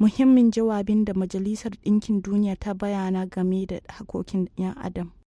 muhimmin jawabin da Majalisar Ɗinkin Duniya ta bayana game da hakokin ‘yan Adam.